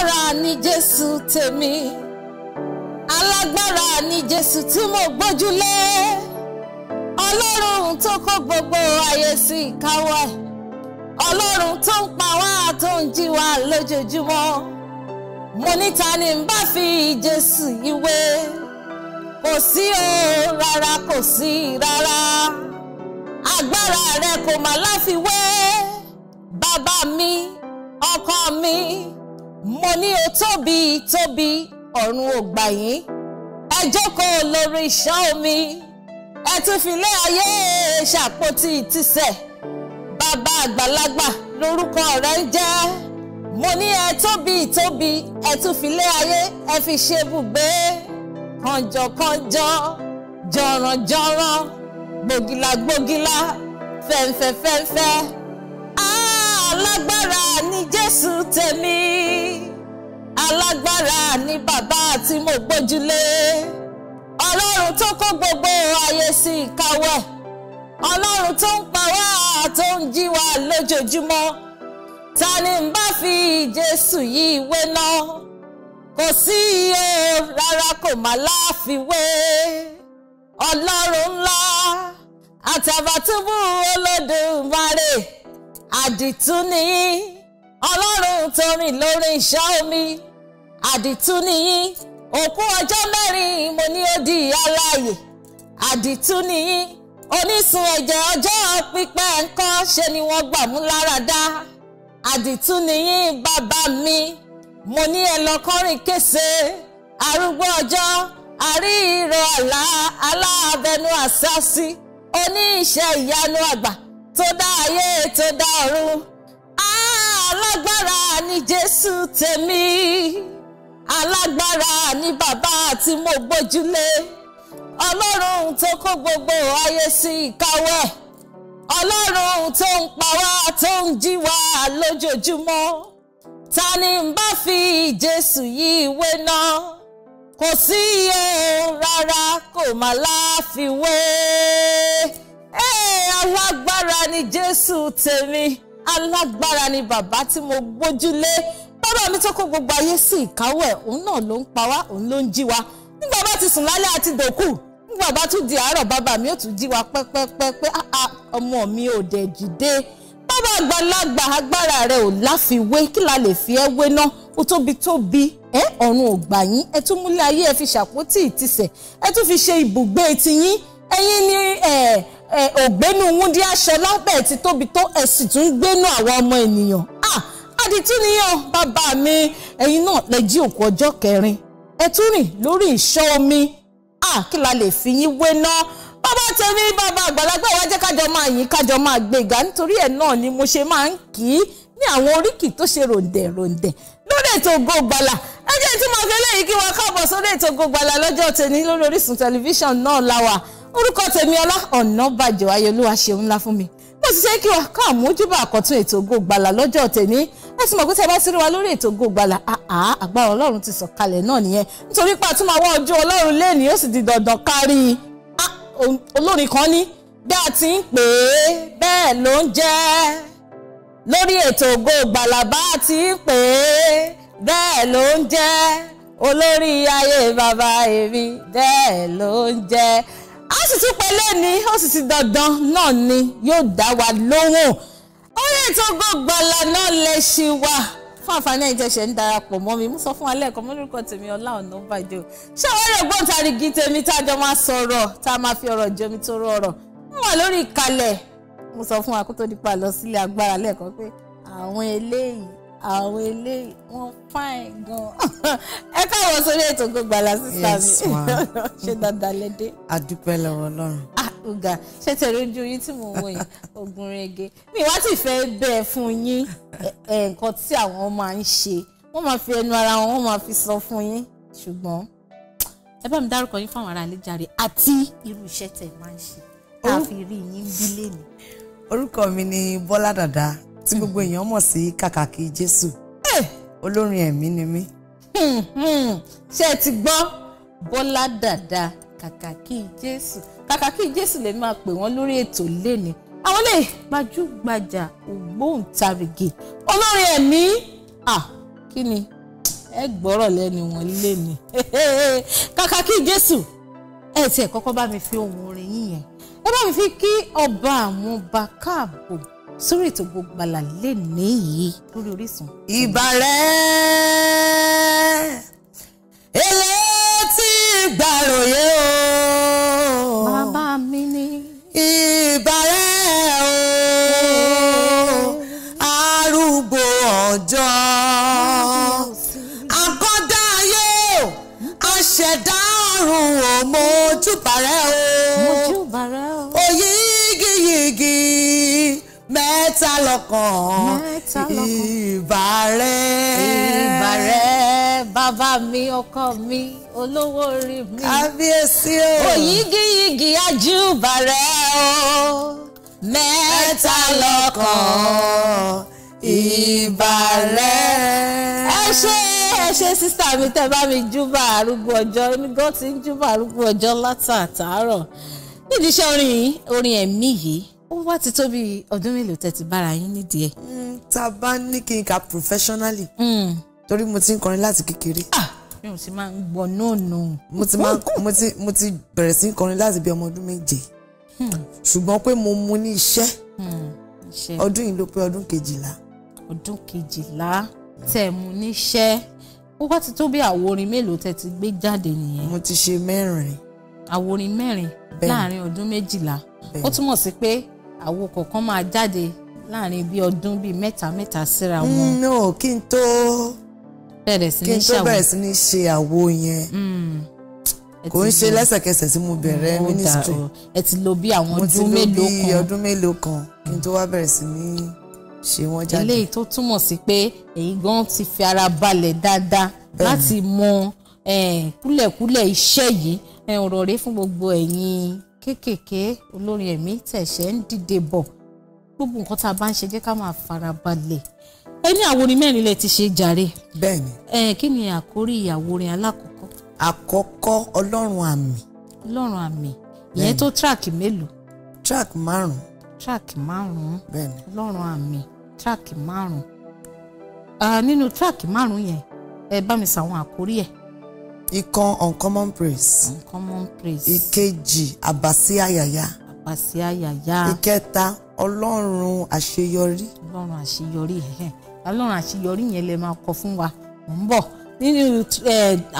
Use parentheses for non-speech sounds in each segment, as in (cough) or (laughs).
alágbára ni jésù tèmi alágbára ni jésù tí mo gbójúlé ọlọ́run tó kó gbogbo ayé sí ìkáwọ́ ẹ̀ ọlọ́run tó ń pa wá tó ń jí lójoojúmọ́ mo ni n bá fi jésù yìí wé kò sí o rárá kò sí rárá agbára rẹ kò má láfiwé bàbá mi ọkọ mi. mo ní o tóbi tóbi ọ̀run ò gbà yín ẹ jókòó lórí ìṣàn omi ẹ tún filé ayé ṣàpótí ìtìsẹ̀ bàbá àgbàlagbà lórúkọ rẹ ń jẹ́ mo ní ẹ tóbi tóbi ẹ tún filé ayé ẹ fi ṣe bùgbé kànjọkànjọ jọ̀rànjọ̀ràn gbògìlà gbògìlà fẹ̀ǹfẹ̀fẹ̀ǹfẹ̀ alágbára ni jésù tèmi alágbára ni bàbá tí mo gbójúlé ọlọ́run tó kó gbogbo ayé sí ìkáwọ́ ẹ̀ ọlọ́run tó ń pa wá tó ń jí wa lójoojúmọ́ ta ni ń bá fi jésù yìí wé náà kò sí iye rárá kò má láfiwé ọlọ́run ńlá àtàbàtúbù olódùmarè àdìtú ni yín ọlọ́run tó rìn lórí ìṣá omi àdìtú ni yín òkú ọjọ́ mẹ́rin mo ní ó di aláàyè àdìtú ni yín onísun ẹ̀jẹ̀ ọjọ́ pípẹ́ ńkọ́ ṣe ni wọ́n gbà mú láradá àdìtú ni yín bàbá mi mo ní ẹ kése arúgbó ọjọ́ àríyìnrọ̀ àlá aláàbẹ̀nu àṣàṣì oníṣẹ́ ìyanu àgbà tó dá ayé tó dá ọ̀run alágbára ni Jésù tèmi alágbára ni bàbá tí mo gbójúlé ọlọ́run tó kó gbogbo ayé sí ìkáwọ́ ẹ̀ ọlọ́run tó ń pa wá tó ń jí wá lójoojúmọ́ ta ni ń bá fi Jésù yìí wé náà kò sí iye rárá kò má láfiwé alágbára ni jésù tèmi alágbára ni bàbá tí mo gbójúlé bàbá mi tó kó gbogbo ayé sí ìkáwọ́ ẹ̀ òun náà ló ń pa wá òun ló ń jí wa nígbà bá ti sùn lálẹ́ àti dòkú nígbà bá tún di àárọ̀ bàbá mi ó tún jí wa pẹ́pẹ́pẹ́pẹ́ ọmọ mi ò dẹ̀ jìde bàbá àgbàlagbà agbára rẹ̀ ò láfiwé kí la lè fi ẹ́ wé ná ó tóbi tóbi ẹ ọ̀run ò gbà yín ẹ tún múlẹ̀ ayé ẹ fi ṣàpótí ìtìsẹ̀ ẹ tún fi ṣe ibùgbé tiyín ẹ̀yin ni ẹ̀ Eh, ògbénu wúndí aṣọ lápẹ̀ ti tóbi tó ẹ̀sìn tún gbénu àwọn ọmọ ènìyàn àdìtú ah, nìyàn bàbá mi ẹ̀yin náà lẹ jí òkú ọjọ́ kẹrin ẹ tún rìn lórí ìṣọ́ omi ah, kí la lè fi yín wé náà bàbá tèmi bàbá àgbàlagbà wa kájọ máa yìn kájọ máa gbéga nítorí ẹ̀ náà ni mo ṣe máa ń kì í ní àwọn oríkì tó ṣe ròǹdẹ̀ ròǹdẹ̀ lórí ètò Ògo Ìgbàlà ẹ jẹ́ tí mo fi eléyìí kí wọ́n káàbọ̀ sórí ètò Ògo lọ́jọ́ tèmi lórí Orísun tẹlifíṣàn náà la wà orúkọ tèmi ọlá ọ̀nàbàjọ́ ayọ̀lúwa ṣeun ńlá fún mi mo ti ṣe kí wa ká àmójúbà àkọ́tún ètò Ògo Ìgbàlà lọ́jọ́ tèmi ẹ sì mọ̀ pé tí ẹ bá ti rí wa lórí ètò Ògo Ìgbàlà àgbà ọlọ́run ti sọ̀kalẹ̀ náà nìyẹn nítorí pé àtúmọ̀ àwọn ọjọ́ ọlọ́run lẹ́ni ó sì di dandan kárí olórin kan ní bí a ti ń pè é bẹ́ẹ̀ ló ń jẹ́ lórí ètò Ògo bá a ti ń pè é bẹ́ẹ̀ ló ń jẹ́ olórí ayé bàbá èmi bẹ́ẹ̀ ló ń jẹ́ sì tún pẹ́lẹ́ ni ó sì ti dandan náà ni yóò dá wa lóhùn orí ètò Ògo Ìgbàlà náà lè ṣì wà fún àǹfààní ẹ̀yin tẹ̀sẹ̀ ń darapọ̀ mọ́ mi mo sọ fún wa lẹ́ẹ̀kan mo lórúkọ tèmi Ọlá Ọ̀nàbàjọ́ ṣé àwọn ẹ̀rọ ògbóǹtarìgì tèmi tá a jọ máa sọ̀rọ̀ tá a máa fi ọ̀rọ̀ jomi tó rọ ọ̀rọ̀ ń wà lórí ìkàlẹ̀ mo sọ fún wa kó tó di pa lọ sílé agbára lẹ́ẹ̀kan pé àwọn eléyìí àwọn eléyìí wọ́n fine gan ẹ káwọn sórí ètò Ògo-Ìgbàlà sisters mi ṣe dáadáa lédè. adúpẹ́ lọ́wọ́ Ọlọ́run. Ah, ọ̀gá ṣe tẹ̀lé ojú yín tí mo wọ yìí ogun rege mi wá ti fẹ́ bẹ́ẹ̀ fún yín nǹkan tí àwọn máa ń ṣe wọ́n máa fi ẹnu ara wọn wọ́n máa fi sọ fún yín ṣùgbọ́n ẹ bá mi dárúkọ yín fáwọn ará àlejàre àti irú iṣẹ́ tẹ̀ máa ń ṣe tá a rí yín bí lẹ́nu. orúkọ mi ni Bọ́lá Dàda tí gbogbo èèyàn mọ̀ sí kàkàkí jésù eh! olórin ẹ̀mí ni mí. Hmm, hmm. ṣé ẹ ti gbọ́ bọ́lá dàda kàkàkí jésù kàkàkí jésù lè máa pè wọ́n lórí ètò lẹ́ni àwọn lè gbajúgbajà ògbóǹtarìgì olórin ẹ̀mí kí ni ẹ gbọ́rọ̀ lẹ́nu wọn lẹ́ni (laughs) kàkàkí jésù ẹ tiẹ̀ kọ́kọ́ bá mi fi ohun orin yín ẹ bá mi fi kí ọba àwọn ọba káàbọ̀ sórí ètò Gbogbo Ìgbàlà lè níyì lórí Orísun. ìbàrẹ̀ elétí gbàròyé o. bàbá mi ni. ìbàrẹ̀ o arúgbó ọjọ́ akọ́dá ayé o aṣẹ̀dá ọ̀run ò o. mẹ́ta lọ́kàn ìbàrẹ́. ìbàrẹ́ bàbá mi ọkọ mi olówó orí mi. kábíyèsí o. òyìngíyìngì ajúbàrẹ́ o mẹ́ta lọ́kàn ìbàrẹ́. ẹ ṣe ẹ ṣe sísá mi tẹ́ bá mi júbà arúgbó ọjọ́ onígan ti ń júbà arúgbó ọjọ́ látàtàárọ̀ nídìí iṣẹ́ orin yìí orin ẹ̀mí yìí ó wá ti tó bí ọdún mélòó tẹ́ ti bára yín nídìí ẹ̀. Hmm, tá a bá ní kí n ka professionally hmm. torí mo ti ń kọrin láti kékeré. Ah, mi ò sì máa ń gbọ́ náà nù. mo ti máa mo ti mo ti bẹ̀rẹ̀ sí í kọrin láti bí ọmọ ọdún méje hmm. ṣùgbọ́n pé mo mú ní iṣẹ́ ọdún yìí ló pé ọdún kejìlá. ọdún kejìlá tẹ̀ mú níṣẹ́ ó wá ti tó bí àwo orin mélòó tẹ́ gbé jáde nìyẹn. mo ti ṣe mẹ́rin. àwo orin mẹ́rin láàrin ọdún méjìlá ó túmọ̀ sí pé àwo kọ̀ọ̀kan máa jáde láàrin bí ọdún bíi mẹ́ta mẹ́ta síra mm, wọn. no kí n tó bẹ̀rẹ̀ sí ní ṣàwo kí n tó bẹ̀rẹ̀ sí ní ṣe àwo yẹn mm. kò ń ṣe lẹ́sẹ̀kẹsẹ̀ tí mo bẹ̀rẹ̀ mm, ministry ẹ ti lò bí àwọn ọdún mélòó kan mo ti lò bí ọdún mélòó kan kí n tó wá bẹ̀rẹ̀ sí ní ṣe wọ́n jáde. eléyìí tó túmọ̀ sí pé èyí gan ti fi ara balẹ̀ dáadáa láti mọ eh, kúlẹ̀kúlẹ̀ iṣẹ́ yìí ọ̀rọ̀ rẹ fún gbogbo ẹ̀yin kéékèèké olórin ẹ̀mí tẹ̀sẹ̀ ń dìde bọ̀ gbogbo nǹkan tá a bá ń ṣe jẹ́ ká máa farabalẹ̀ ẹ ní ni mẹ́rin lẹ ti ṣe jàre. bẹ́ẹ̀ni. ẹ kí ni àkórí ìyàwó orin alákọ̀ọ́kọ́. àkọ́kọ́ ọlọ́run àmì. ọlọ́run àmì ìyẹn tó track mélòó. track márùn. track márùn. bẹ́ẹ̀ni. ọlọ́run àmì track márùn. nínú track márùn yẹn ẹ bá mi sàwọn àkórí ẹ̀. Ìkan uncommon praise. Uncommon praise. Ìkejì àbàsí àyàyà. Àbàsí àyàyà. Ìkẹta ọlọ́run àṣeyọrí. Ọlọ́run àṣeyọrí ẹ̀hẹ̀. Ọlọ́run àṣeyọrí yẹn lè máa kọ fún wa. Mò ń bọ̀ nínú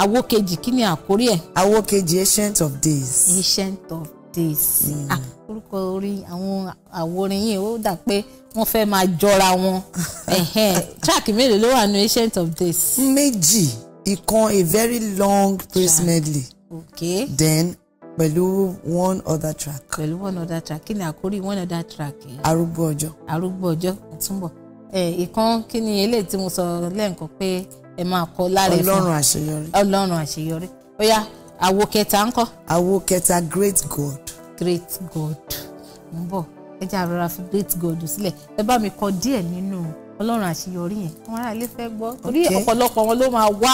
àwo kejì kí ni àkórí ẹ̀. Àwo kejì ancient of days. Ancient of days. Hmm. Orúkọ orin àwọn àwòrán yìí ó dà pé wọ́n fẹ́ máa jọra wọn. (laughs) Tíráàkì mélòó ló wà ní ancient of days? Méjì ìkan a very long praise medley. okay then pẹ̀lú one other track. pẹ̀lú one other track kí ni àkórí one other track yìí. arúgbó ọjọ́. arúgbó ọjọ́ àtúnbọ̀ ìkan kí ni eléyìí tí mo sọ lẹ́ǹkan pé ẹ máa kọ lára ẹ fún ọlọ́run àṣeyọrí. ọlọ́run àṣeyọrí ó àwo kẹta ńkọ́. àwo kẹta great god. great god ń bọ̀ ẹ jẹ́ àrọ́ra fi great god sílẹ̀ ẹ bá mi kọ díẹ̀ nínú. No ọlọ́run àṣeyọrí yẹn àwọn ará ilé fẹ́ gbọ́ torí ọ̀pọ̀lọpọ̀ wọn ló máa wá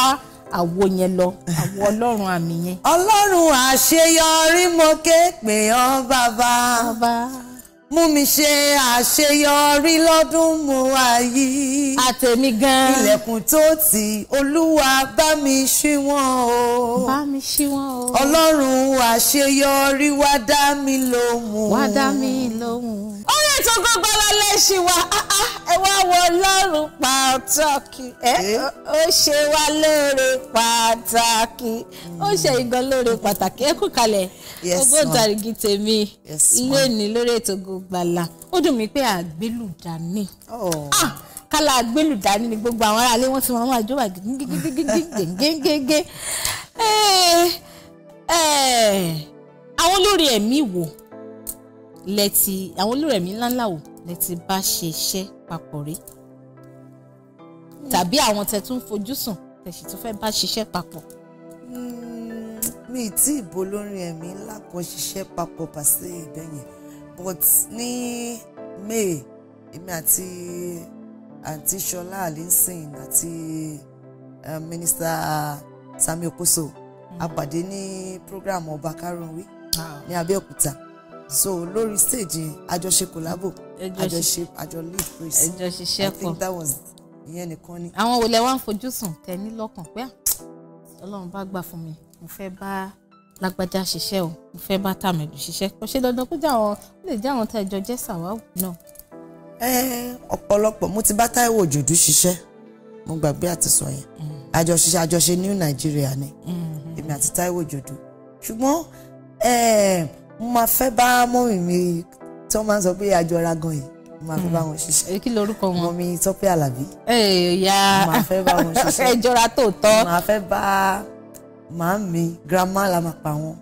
àwo yẹn lọ àwo ọlọ́run àmì yẹn. ọlọ́run àṣeyọrí mo ké pè ọ́ bàbá mú mi ṣe àṣeyọrí lọ́dún mu ayé. àtẹ̀mí gan ilẹ̀kùn tó ti olúwa bá mi ṣí wọn o. bá mi ṣí wọn o. ọlọ́run àṣeyọrí wá dá mi lóhùn. wá dá mi lóhùn. ètò gbọ́gbọ́lá lẹ́sìn wa ah, ah, ẹ wá wọ pàtàkì ẹ ó ṣe wá lóore pàtàkì ó ṣe ìgan lóore pàtàkì ẹ kú kalẹ̀ tèmi lónìí lórí ètò ó dùn mí oh. ah, ni gbogbo àwọn wọn ti máa wá àjọwà lẹ́tì àwọn olórẹ̀mí ńláńlá wo lẹ́tì bá ṣe iṣẹ́ papọ̀ rí tàbí àwọn tẹ tún fojú sùn tẹ sì tún fẹ́ bá ṣiṣẹ́ papọ̀. Hmm, mi ì tí ìbò olórin ẹ̀mí ńlá kan ṣiṣẹ́ papọ̀ pàṣẹ ìbẹ̀yẹn but ní May èmi àti àǹtí Ṣọlá Alison àti eh, mínísítà Sami Okoso a hmm. pàdé ní program ọba karùn wí ah. ní Abẹ́òkúta so lórí stage àjọṣe collabo àjọṣe àjọ lead praise i think that was ìyẹn nìkan ni. àwọn olè wa ń fojú sùn tẹ ní lọ́kàn pé ah, ọlọ́run bá gbà fún mi mo fẹ́ bá lágbájá ṣiṣẹ́ o mo fẹ́ bá tàmẹ̀dù ṣiṣẹ́ kò ṣe dandan kó jẹ́ àwọn ó lè jẹ́ àwọn tẹ̀jọ jẹ́ sàwáwù náà. ẹ ọ̀pọ̀lọpọ̀ mo ti bá Táíwò Òjòdú ṣiṣẹ́ mo gbàgbé àti sọ yẹn mm. àjọṣiṣẹ́ àjọṣe New Nigeria ni mm-hmm. èmi àti Táíwò Òjòdú ṣùgbọ́n mo máa fẹ́ bá mọ́mì mi tí wọ́n máa ń sọ pé àjọra gan yìí mo máa fẹ́ bá wọn ṣiṣẹ́ kí lorúkọ wọn mọ́mì Tọ́pẹ́ Àlàbí ẹ̀yà mo máa fẹ́ bá wọn (laughs) ṣiṣẹ́ ẹjọra tòótọ́ mo máa fẹ́ bá màámi grandma la máa pa wọn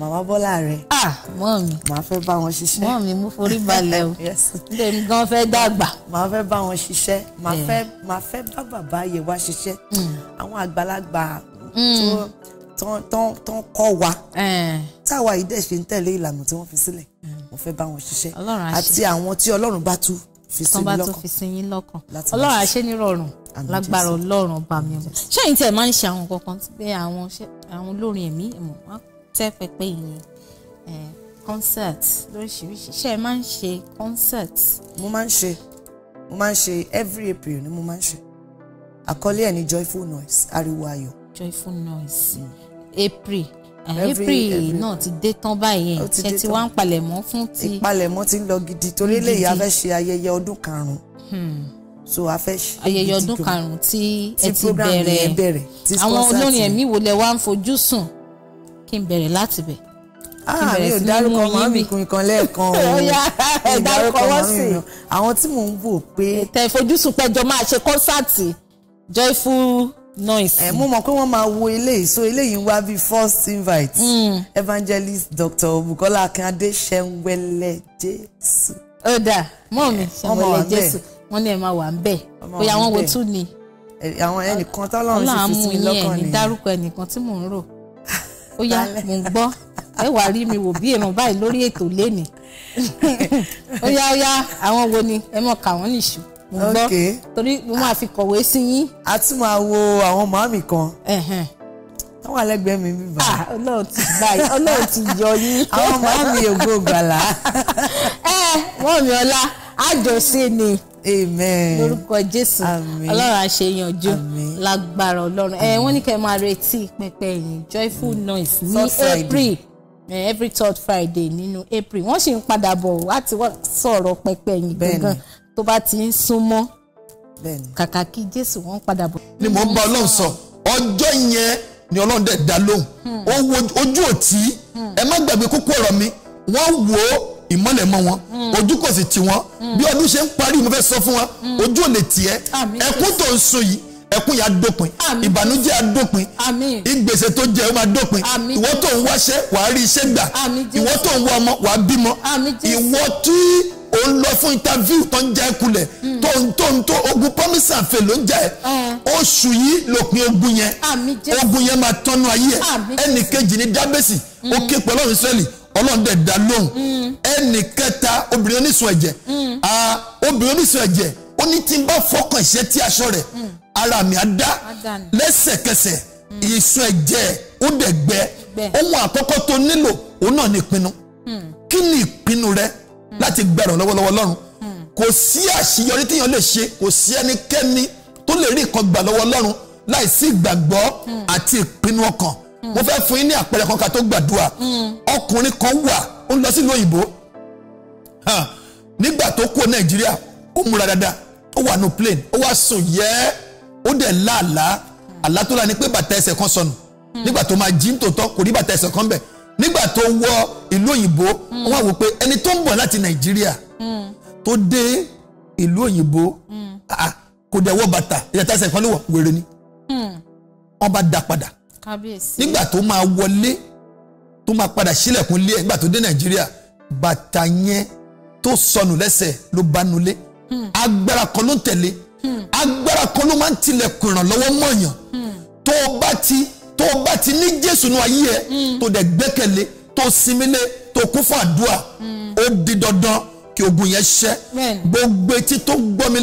màmá Bọ́lá rẹ̀ mọ́mì máa fẹ́ bá wọn ṣiṣẹ́ mọ́mì mo forí balẹ̀ o lèmi (laughs) gan fẹ́ dàgbà máa fẹ́ bá wọn ṣiṣẹ́ máa fẹ́ bá bàbá yẹ wá ṣiṣẹ́ hmm. àwọn àgbàlagbà hmm. tó tán kọ́ wa táwa yìí dẹ̀ ṣe ń tẹ̀lé ìlànà tí wọ́n fi sílẹ̀ mo fẹ́ bá wọn ṣiṣẹ́ àti àwọn tí ọlọ́run bá tú fi sí mi lọ́kàn fi sí yín lọ́kàn ọlọ́run àṣẹ nírọ̀rùn lágbára ọlọ́run ọba mi ọmọ ṣẹ́yìn tí ẹ̀ máa ń ṣe àwọn kankan pé àwọn àwọn olórin ẹ̀mí ẹ̀mọ̀ wọ́n tẹ́ pẹpẹ ìyẹn concert lóríṣiríṣi ṣe ẹ máa ń ṣe concert. mo máa ń ṣe mo máa ń ṣe every April ni mo máa ń ṣe àkọlé ẹ̀ ní joyful noise ariwo ayọ̀. joyful noise. Mm april eh, april náà ti dé tán báyìí ṣe ti wá ń palẹ̀mọ́ fún ti. ìpalẹ̀mọ́ ti ń lọ gidi torí eléyìí a fẹ́ ṣe ayẹyẹ ọdún karùn-ún hmm. so a fẹ́ ṣe ayẹyẹ ọdún karùn-ún tí ẹ ti bẹ̀rẹ̀ àwọn olórin ẹ̀mí wo lẹ wá ń fojú sùn kí n bẹ̀rẹ̀ láti bẹ̀. ah mi ò dárúkọ màmí kun nǹkan lẹ́ẹ̀kan o (laughs) ẹ dárúkọ wọ́n sì àwọn tí mò ń wò pé. tẹ̀ ìfojúsùn pẹ́jọ máa ṣe kọ́nsáàtì joyful noise. ẹ eh, mú mọ pé wọ́n máa wo eléyìí so eléyìí wá bíi first invite mm. evangelist dr Bukola Akínadé Ṣẹ̀nwẹ̀lẹ̀ Jésù. ó dáa mọ mi Ṣẹ̀nwẹ̀lẹ̀ eh, Jésù wọ́n ní ẹ máa wà ń bẹ bóyá wọ́n wo tún ni. Eh, àwọn ẹnìkan tọ́lọ́run sì fi sí mi lọ́kàn nìyẹn. Ọlọ́run dárúkọ ẹnìkan tí mò ń rò ó yá mò ń gbọ́ ẹ wàá rí mi wò bí èèmọ̀ báyìí lórí ètò lénìí (laughs) ó yá ó yá àwọn wo ni ẹ mọ̀ kà wọ́n nìṣó mo gbọ́ torí mo máa fi kọ̀wé sí yín. a tún máa wo àwọn màámi kan wọ́n wà lẹ́gbẹ̀ẹ́ mi bíbá. Ah, ọlọ́run ti báyìí ọlọ́run ti yọ yín. (laughs) àwọn màámi ògo gbàlà. ẹ wọ́n mi ọlá àjọṣe ni amen lórúkọ jésù ọlọ́run àṣeyànjú lágbára ọlọ́run ẹ eh, wọ́n ní kẹ́ máa retí pẹpẹ ìyìn joyful mm. noise ní april eh, every third friday nínú april wọ́n sì ń padà bọ̀ láti sọ̀rọ̀ pẹpẹ ìyìn gangan tó bá ti ń súnmọ́ kàkà kí Jésù wọ́n padà bọ̀. ni mò ń bá Ọlọ́run sọ ọjọ́ yẹn ni Ọlọ́run dẹ̀ dá lóhùn hmm. ojú òtí hmm. ẹ má gbàgbé kókó ọ̀rọ̀ mi wọ́n wò ó ìmọ́lẹ̀ mọ́ wọn hmm. ojú kò sì tì wọ́n bí ọdún ṣe ń parí mo fẹ́ sọ fún wọn ojú ò lè ẹkún tó ń so yìí ẹkún yà á dópin ìbànújẹ́ á dópin ìgbèsè tó jẹ ó máa dópin ìwọ tó ń wáṣẹ́ wàá rí iṣẹ́ gbà ìwọ tó ń wá ọmọ wàá bímọ ìwọ tí ò ń lọ fún interview tó ń jẹ́ kulẹ̀ tó ń tó ń tó ogun promise and fail ló ń jẹ́ ah. oṣù yìí lópin ogun yẹn ogun yẹn máa tọ́nu ayé ẹ̀ ẹnì kejì ní dábẹ́sì ó mm. ké pẹ̀lú ọ̀rọ̀ Ísírẹ́lì ọlọ́run dẹ̀ dá lóhùn mm. ẹnì kẹta obìnrin onísun ẹ̀jẹ̀ mm. obìnrin onísun ẹ̀jẹ̀ ó ní tí n bá fọkàn ìṣẹ́ tí aṣọ rẹ̀ ara mi á dá lẹ́sẹ̀kẹsẹ̀ ìsun ẹ̀jẹ̀ ó dẹ̀ gbẹ ohun àkọ́kọ́ tó nílò òun náà ni ìpinnu kí ni ìpinnu rẹ̀ láti gbẹ̀rùn lọ́wọ́lọ́wọ́ Ọlọ́run kò sí àṣeyọrí téèyàn lè ṣe kò sí ẹnikẹ́ni tó lè rí nǹkan gbà lọ́wọ́ Ọlọ́run láì sí ìgbàgbọ́ àti ìpinnu ọkàn mo fẹ́ fún yín ní àpẹẹrẹ kan ká tó gbàdúrà ọkùnrin kan wà ó ń lọ sílùú òyìnbó nígbà tó kú Nàìjíríà ó múra dáadáa ó wà nù plane ó wá sùn yẹ́ ó dẹ̀ láàlá àlá tó lá ni pé bàtà ẹsẹ̀ kan sọnù nígbà tó máa jí nítòótọ́ kò rí bàtà ẹsẹ̀ kan bẹ́ẹ̀ nígbà tó wọ ìlú òyìnbó wọ́n wá wò pé ẹni tó ń bọ̀ láti nàìjíríà tó dé ìlú òyìnbó kò dẹ̀ wọ bàtà ìyàtà ẹsẹ̀ kan ló wọ wèrè ni wọ́n bá dá padà nígbà tó máa wọlé tó máa padà sílẹ̀kùn lé ẹ̀ nígbà tó dé nàìjíríà bàtà yẹn tó sọnù lẹ́sẹ̀ ló bá nulẹ̀ agbára kan ló ń tẹ̀lé agbára kan ló máa ń tilẹ̀kùn ìrànlọ́wọ́ mọ̀ọ́yàn tó bá ti tó o bá ti ní jésù nínú ayé ẹ mm. tó dẹ̀ gbẹ́kẹ̀lé tó sinmi lé tó kún fún àdúrà mm. ó di dandan kí ogun yẹn ṣẹ gbogbo etí tó gbọ́ mi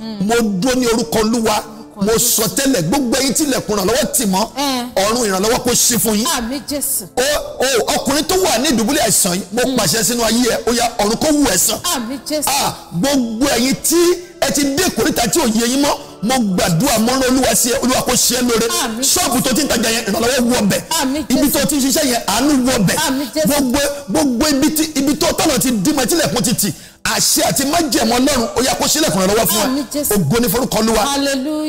mm. mo dúró ní orúkọ olúwa mo sọ tẹ́lẹ̀ gbogbo ẹ̀yin tilẹ̀kùn ìrànlọ́wọ́ tì mọ́ eh. ọ̀run ìrànlọ́wọ́ kó ṣí fún yín. àmín jésù. o o ọkùnrin tó wà ní ìdùbúlẹ̀ àìsàn yìí mo pàṣẹ sínú ayé ẹ ó yá ọ̀run kó wù ẹ́ ah, gbogbo ẹ̀yin tí ẹ ti dé kòríta tí ò yẹ yín mọ́ mo gbàdúrà mo olúwa sí ẹ olúwa kò ṣe é lóore ṣọ́ọ̀bù tó ti ń tajà yẹn ìrànlọ́wọ́ wọ bẹ̀ ibi tó ti ń ṣiṣẹ́ yẹn àánú wọ bẹ̀ gbogbo gbogbo ibi tó tọ̀nà ti dì mọ́ tilẹ̀kùn ti àṣẹ àti májẹ̀mọ́ ọlọ́run ó yá kó sílẹ̀kùn rẹ̀ lọ́wọ́ fún ẹ ògo ní forúkọ olúwa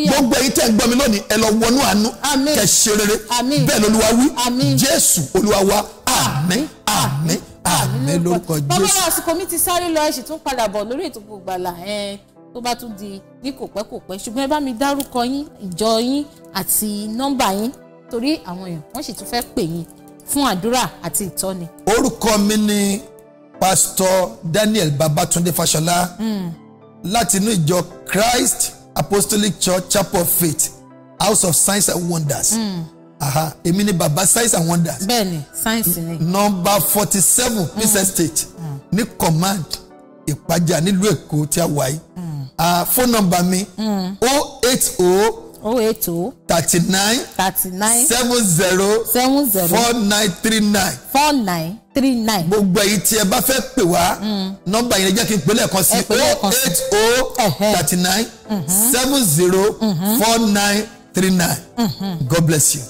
gbogbo èyí tẹ̀ ń gbọ́ mi lónìí ẹ lọ wọnú àánú kẹ́ ṣe rere bẹ́ẹ̀ lolúwa wí jésù olúwa wa àmín àmín àmín lórúkọ jésù. bàbá àsìkò mi ti sáré lọ ẹ sì tún padà bọ̀ lórí ètò Gbogbo Ìgbàlà tó bá tún di ní kò pẹ́ kò pẹ́ ṣùgbọ́n ẹ bá mi dárúkọ yín ìjọ yín àti nọ́mbà yín torí àwọn èèyàn wọ́n sì tún fẹ́ pè yín fún àdúrà àti ìtọ́ni. orúkọ mi ni pásítọ̀ Daniel Babatunde Fáṣọlá hmm. láti inú ìjọ Christ Apostolic Church Chapel of Faith House of Signs and Wonders. Hmm. Aha, èmi ni baba science and wonders. Bẹ́ẹ̀ni, science ni. number forty seven Peace Estate hmm. ní command Ìpàjà nílùú Èkó tí a wà yìí. Ah, phone number mi mm. o oh eight o. Oh, o eight o. thirty nine. Oh thirty nine. seven zero. seven zero. four nine three nine. four nine three nine. gbogbo èyí tí ẹ bá fẹ́ pè wá. Mm. nọ́mbà yẹn jẹ́ kí n pè lẹ́ẹ̀kan sí o eight o thirty nine mm-hmm. seven zero mm-hmm. four nine three nine. Mm-hmm. God bless you.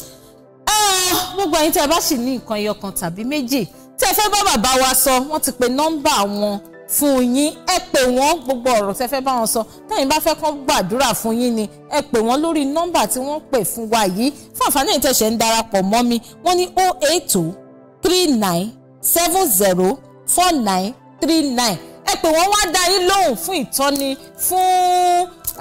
Ah, gbogbo ẹ̀yin tí a bá sì ní nǹkan ẹyọkan tàbí méjì tí ẹ fẹ́ bá bàbá wa sọ wọ́n ti pe nọ́mbà wọn fún yín ẹ pè wọ́n gbogbo ọ̀rọ̀ tẹ́ fẹ́ bá wọn sọ tẹ́yin bá fẹ́ kán gbàdúrà fún yín ni ẹ pè wọ́n lórí nọ́mbà tí wọ́n pè fún wa yìí fún àǹfààní ìtẹ̀sẹ̀ ń darapọ̀ mọ́ mi wọ́n ní o oh eight two three nine seven zero four nine three nine ẹ pè wọ́n wá dá yín lóhùn fún ìtọ́ni fún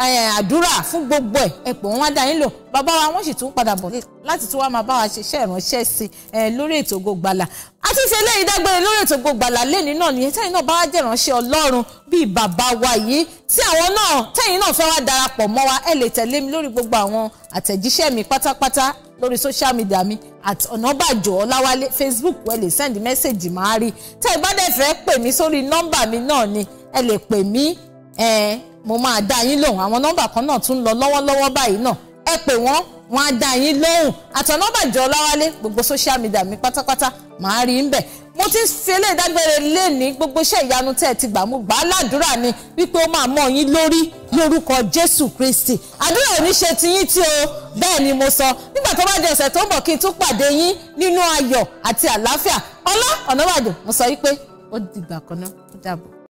Eh, àdúrà fún gbogbo ẹ̀ ẹ pè wọ́n wá dá yín lò bàbá wa wọ́n sì tún padà bọ̀ láti tún wá máa bá wa ṣiṣẹ́ ìránṣẹ́ sí eh, lórí ètò Ògo Ìgbàlà àti ṣe eléyìí dágbére lórí ètò Ògo Ìgbàlà lẹ́ni náà nìyẹn tẹ́yìn náà bá wá jẹ́ ìránṣẹ́ Ọlọ́run bíi bàbá wa yìí tí àwọn náà tẹ́yìn náà fẹ́ wá darapọ̀ mọ́ wa ẹ lè tẹ̀lé mi lórí gbogbo àwọn àtẹ̀jíṣẹ́ mi pátápátá lórí social media mi at ọ̀nàbàjọ́ ọláwálé facebook ẹ lè send message máa rí tẹ́ ẹ bá dẹ̀ fẹ́ pè mí sórí nọ́mbà mi náà ni ẹ lè pè mí eh, mo máa dá yín lóhùn àwọn nọ́mbà kan náà tún lọ lọ́wọ́lọ́wọ́ báyìí náà ẹ pè wọ́n wọ́n á dá yín lóhùn àtọ̀nọ́bà jọ láwálé gbogbo social media mi pátápátá màá rí ń bẹ̀ mo ti fi eléyìí dágbére léni gbogbo iṣẹ́ ìyanu tẹ́ ẹ ti gbà mú gbà á ládùúrà ni wípé ó máa mọ́ yín lórí lórúkọ Jésù Kristi àdúrà ò ní ṣe tiyín tí o bẹ́ẹ̀ ni mo sọ nígbà tó bá di ọ̀sẹ̀ tó ń bọ̀ kí n tún pàdé yín nínú ayọ̀ àti àlàáfíà Ọlá Ọ̀nàbàjò mo sọ wípé ó dìgbà kan náà ó dàbọ̀.